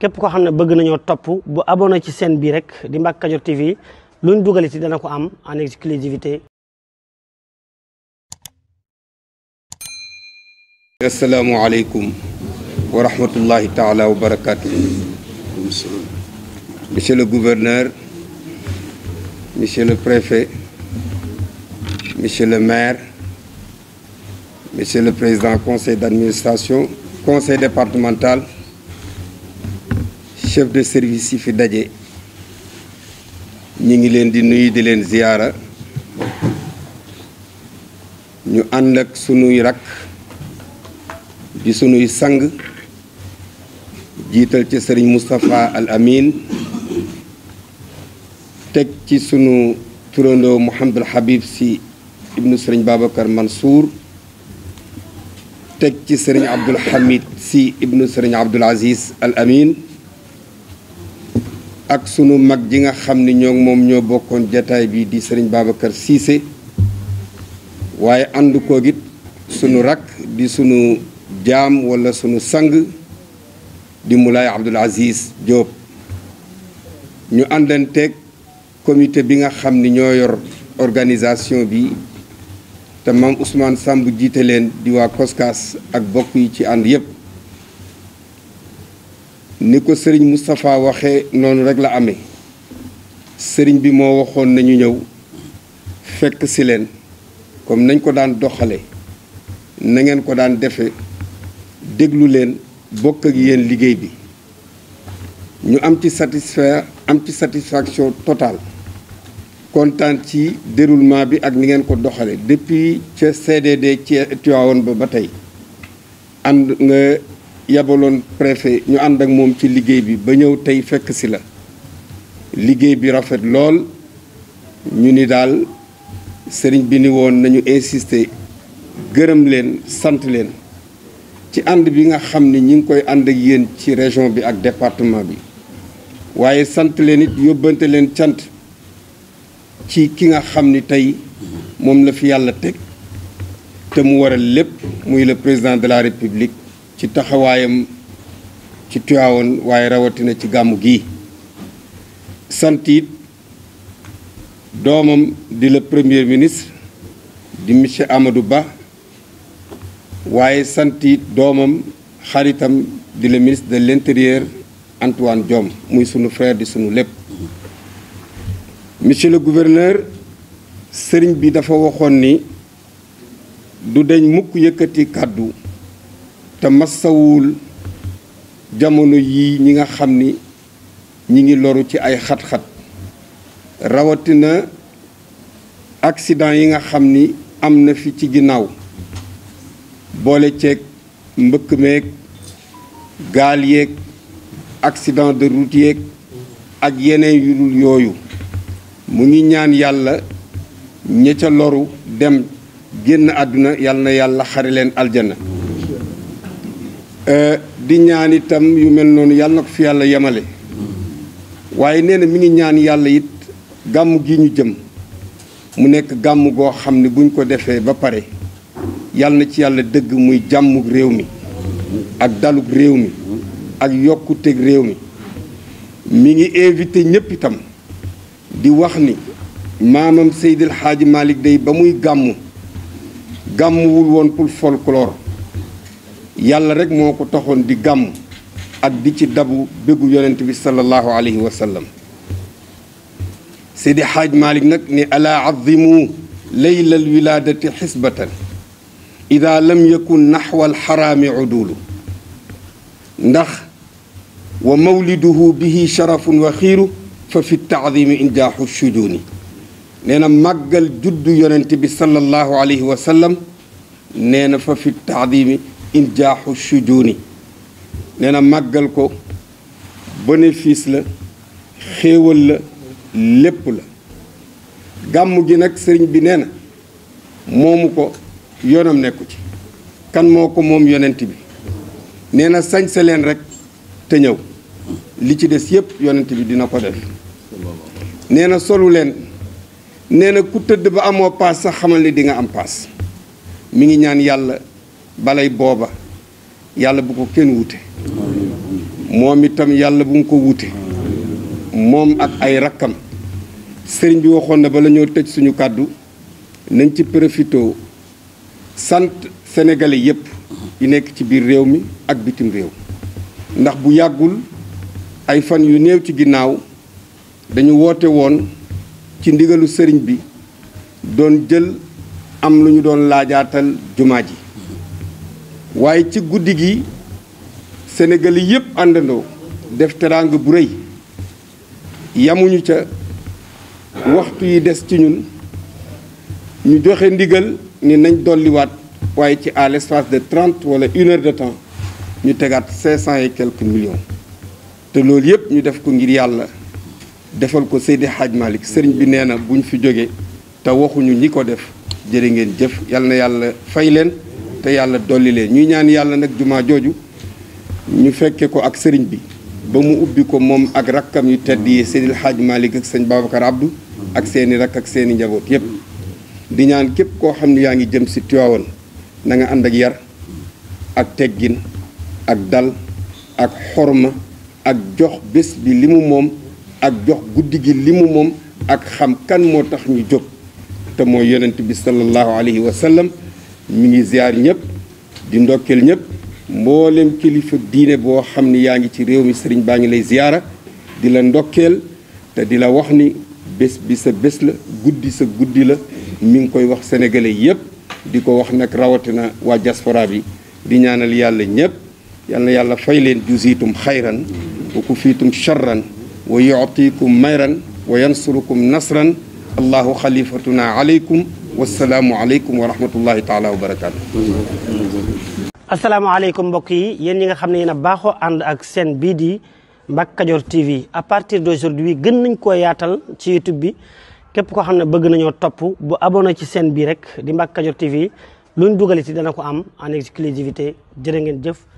képp koo xam ne bëgg nañoo topp bu abonné ci chaîne bii rek di Mbacke Kadior TV luñ dugal ci dana ko am en exclusivité asalaamualeykum wa rahmatullahi taala wa monsieur le gouverneur monsieur le préfet monsieur le maire monsieur le président conseil d'administration conseil départemental chef de service yi fi daje ñu ngi leen di nuyu di leen ziyaara ñu ànd ak sunuy rakk di sunuy sang jiital ci sëriñ Moustapha Al Amin teg ci sunu turandoo Mouhamadul Habib si ibnu sëriñ Babacar Mansour teg ci sëriñ Abdoul Hamid si ibnu sëriñ Abdoul Aziz Al Amin ak sunu mag ji nga xam ni ñoo moom ñoo bokkoon jataay bi di sëriñ Babacar siise waaye ànd koog it sunu rakk di sunu jaam wala sunu sang di Moulay Abdoul Aziz Diop ñu àndanteeg comité bi nga xam ni ñoo yor organisation bi te maam Ousmane Samb jiite leen di waa COSCAS ak bokk yi ci ànd yépp ni ko sëriñ Moustapha waxee noonu rek la amee sëriñ bi moo waxoon nañu ñëw fekk si leen comme nañ ko daan doxale na ngeen ko daan defe déglu leen bokk ak yéen liggéey bi ñu am ci satisfaire am ci satisfaction totale kontaan ci déroulement bi ak ni ngeen ko doxale depuis ca de ci Tivaouane ba ba tey yabaloon préfet ñu ànd ak moom ci liggéey bi ba ñëw tey fekk si la liggéey bi rafet lool ñu ni daal sëriñ bi ni woon nañu insister gërëm leen sant leen ci ànd bi nga xam ni ñi ngi koy ànd ak yéen ci région bi ak département bi waaye sant leen it yóbbante leen cant ci ki nga xam ni tey moom la fi yàlla teg te mu waral lépp muy le président de la république ci taxawaayam ci Tiwaawan waaye rawatina ci gàmmu gi sant it doomam di la premier ministre di monsieur Amadou Ba waaye sant doomam xaritam di la ministre de l'intérieur Antoine Diome muy sunu frère di sunu lépp monsieur la gouverneur sëriñ bi dafa waxoon ni du deñ mukk yëkkati kàddu te massawul jamono yii ñi nga xam ni ñi ngi loru ci ay xat-xat rawatina accident yi nga xam ni am na fi ci ginnaaw boole ceeg mbëkk meeg gaal yeeg accident de route yeeg ak yeneen yu yooyu mu ngi ñaan yàlla ña ca loru dem génn àdduna yalla na yàlla xare leen aljana Euh, di ñaan itam yu mel noonu yàlla na ko fi yàlla yemale waaye nee na mi ngi ñaan yàlla it gàmm gi ñu jëm mu nekk gàmm goo xam ne buñ ko defee ba pare yàlla na ci yàlla dëgg muy jàmmug réew mi ak dalug réew mi ak yokkute réew mi mi ngi invité ñëpp itam di wax ni maamam Seydil xaaji Malick day ba muy gàmm gàmmuwul woon pour folklore yàlla rek moo ko taxoon di gàmm ak di ci dabu bëggu yonent bi sallallahu alayhi wa sallam seydi xaaj malik nag ne alaa azimu leyla alwilaadati xisbatan ida lam yakun naxwa alxaraami udulu ndax wa mawliduhu bihi sharafun wa xiiru fa fi taadimi injaaxu sujuni nee na màggal juddu yonent bi sallallahu alayhi wa sallam nee na fa fi taadimi injaaxu sujuuni nee na màggal ko bénéfice la xéewal la lépp la gàmm gi nag sëriñ bi nee moomu ko yoonam nekku ci kan moo ko moom yonent bi nee na sañse leen rek te ñëw li ci des yépp yonent bi dina ko def nee na solu leen nee na ku tëdd ba amoo paas sax xamal ni di am paas mi ngi ñaan yàlla balay booba yàlla bu ko kenn wute moom itam yàlla bu mu ko wute moom ak ay rakkam sëriñ bi waxoon na ba la tëj suñu kàddu nañ ci profitoo sant sénégalais yépp yi nekk ci biir réew mi ak bitim réew ndax bu yàggul ay fan yu néew ci ginnaaw dañu woote woon ci ndigalu sëriñ bi doon jël am lu ñu doon laajaatal jumaa ji waaye ci guddi gi Sénégal yëpp àndandoo def teraanga bu rëy yamuñu ca waxtu yi des ci ñun ñu joxe ndigal ni nañ dolliwaat waaye ci à l'espace de trente wala une heure de temps ñu tegaat cinq cent et quelques te loolu yëpp ñu def ko ngir yàlla defal ko Seydi Hadj Malick sëriñ bi nee na bu ñu fi jógee te waxuñu ñi ko def jërë ngeen jëf yal na yàlla fay leen te yàlla dolli leen ñuy ñaan yàlla nag jumaa jooju ñu fekkee ko ak sëriñ bi ba mu ubbi ko moom ak rakkam yu tedd yi Seydil Hadj Malick ak sëñ Babacar Abdou ak seeni rakk ak seeni njaboot yépp di ñaan képp koo xam ne yaa ngi jëm si Tiwaawan na ànd ak yar ak teggin ak dal ak xorma ak jox bés bi li mu moom ak jox guddi gi li mu moom ak xam kan moo tax ñu jóg te mooy yonent bi sallallahu alayhi wa sallam mi ngi ziar ñëpp di ndokkeel ñëpp mboolem kilifa diine boo xam ni yaa ngi ci réew mi sëriñ baa ngi lay ziara di la ndokkeel te di la wax ni bés bi sa bés la guddi sa guddi la mi ngi koy wax sénégalais yëpp di ko wax nag rawatina waa diaspora bi di ñaanal yàlla ñëpp yal yàlla fay leen jusiitum xayran wa kufiitum charran wa yuctiikum mayran wa yansurukum nasran allahu xalifatuna aleykum wasalaamualeykum wa rahmatullahi taala wa barakaatu. asalaamaaleykum mbokk yi yéen ñi nga xam ne yéen a baaxoo ànd ak seen bii di Mbacke Kadior TV à partir d'aujourd'hui gën nañ ko yaatal ci YouTube bi képp koo xam ne bëgg nañoo topp bu abonné ci seen bii rek di Mbacke Kadior TV luñ dugal ci dana ko am en exclusivité jërë ngeen jëf.